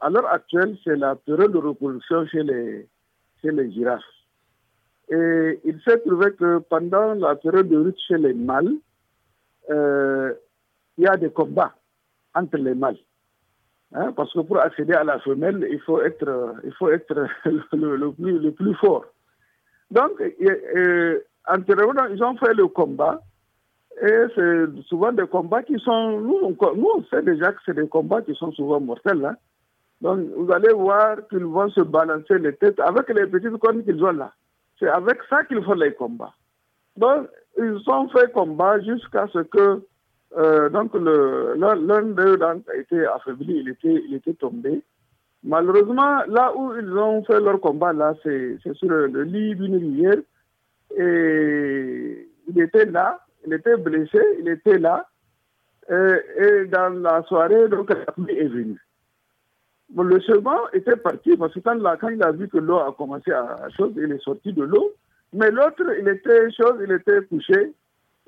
à l'heure actuelle, c'est la période de reproduction chez les, chez les girafes. Et il s'est trouvé que pendant la période de lutte chez les mâles, euh, il y a des combats entre les mâles. Hein, parce que pour accéder à la femelle, il faut être, il faut être le, plus, fort. Donc, euh, antérieurement, ils ont fait le combat. Et c'est souvent des combats qui sont. Nous, on, nous, on sait déjà que c'est des combats qui sont souvent mortels. Hein. Donc, vous allez voir qu'ils vont se balancer les têtes avec les petites cornes qu'ils ont là. C'est avec ça qu'ils font les combats. Donc, ils ont fait combat jusqu'à ce que euh, donc l'un d'eux a été affaibli, il était, il était tombé. Malheureusement, là où ils ont fait leur combat, là, c'est sur le lit d'une rivière. Et il était là, il était blessé, il était là. Et, dans la soirée, donc la est venu. Le chemin était parti parce que quand, là, quand il a vu que l'eau a commencé à chauffer, il est sorti de l'eau. Mais l'autre, il était chose, il était couché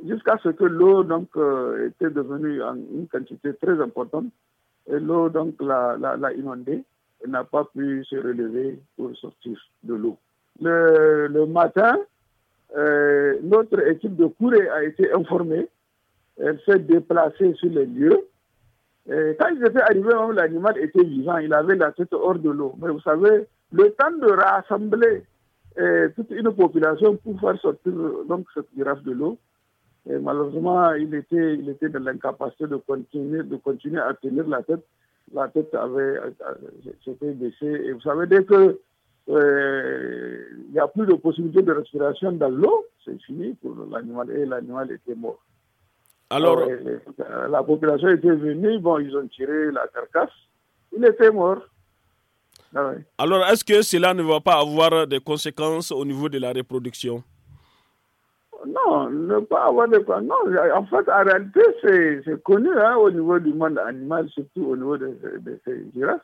jusqu'à ce que l'eau donc euh, était devenue une quantité très importante. Et l'eau donc l'a inondé et n'a pas pu se relever pour sortir de l'eau. Le, matin, euh, notre équipe de courée a été informée. Elle s'est déplacée sur les lieux euh, quand ils étaient arrivés, l'animal était vivant, il avait la tête hors de l'eau. Mais vous savez, le temps de rassembler euh, toute une population pour faire sortir euh, donc, cette girafe de l'eau, malheureusement, il était, il était dans l'incapacité de continuer, de continuer à tenir la tête. La tête avait, s'était baissée. Et vous savez, dès que il n'y a plus de possibilité de respiration dans l'eau, c'est fini pour l'animal. Et l'animal était mort. Alors, ah euh, la population était venue, bon, ils ont tiré la carcasse, il était mort. Ah Alors, est-ce que cela ne va pas avoir des conséquences au niveau de la reproduction Non, ne pas avoir de Non, en fait, en réalité, c'est connu hein, au niveau du monde animal, surtout au niveau des girafes.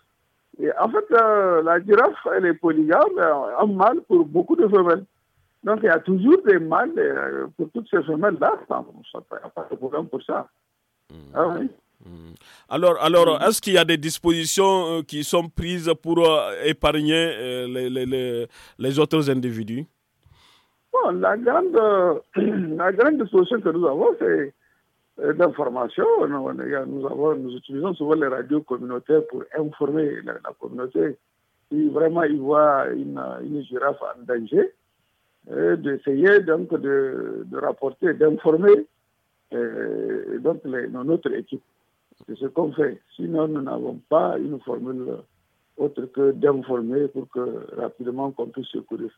Et en fait, euh, la girafe, elle est polygame, un mâle pour beaucoup de femelles. Donc il y a toujours des mal euh, pour toutes ces femelles-là. Il n'y a pas de problème pour ça. Hmm. Ah hmm. Alors, alors est-ce qu'il y a des dispositions euh, qui sont prises pour euh, épargner les, les, les, autres individus bon, la, grande, la grande solution que nous avons, c'est l'information. Nous, utilisons souvent les radios communautaires pour informer la, communauté. Si vraiment ils voient une girafe en danger, euh, d'essayer donc de, de rapporter, d'informer euh, donc notre équipe. C'est ce qu'on fait. Sinon, nous n'avons pas une formule autre que d'informer pour que rapidement qu'on puisse secourir.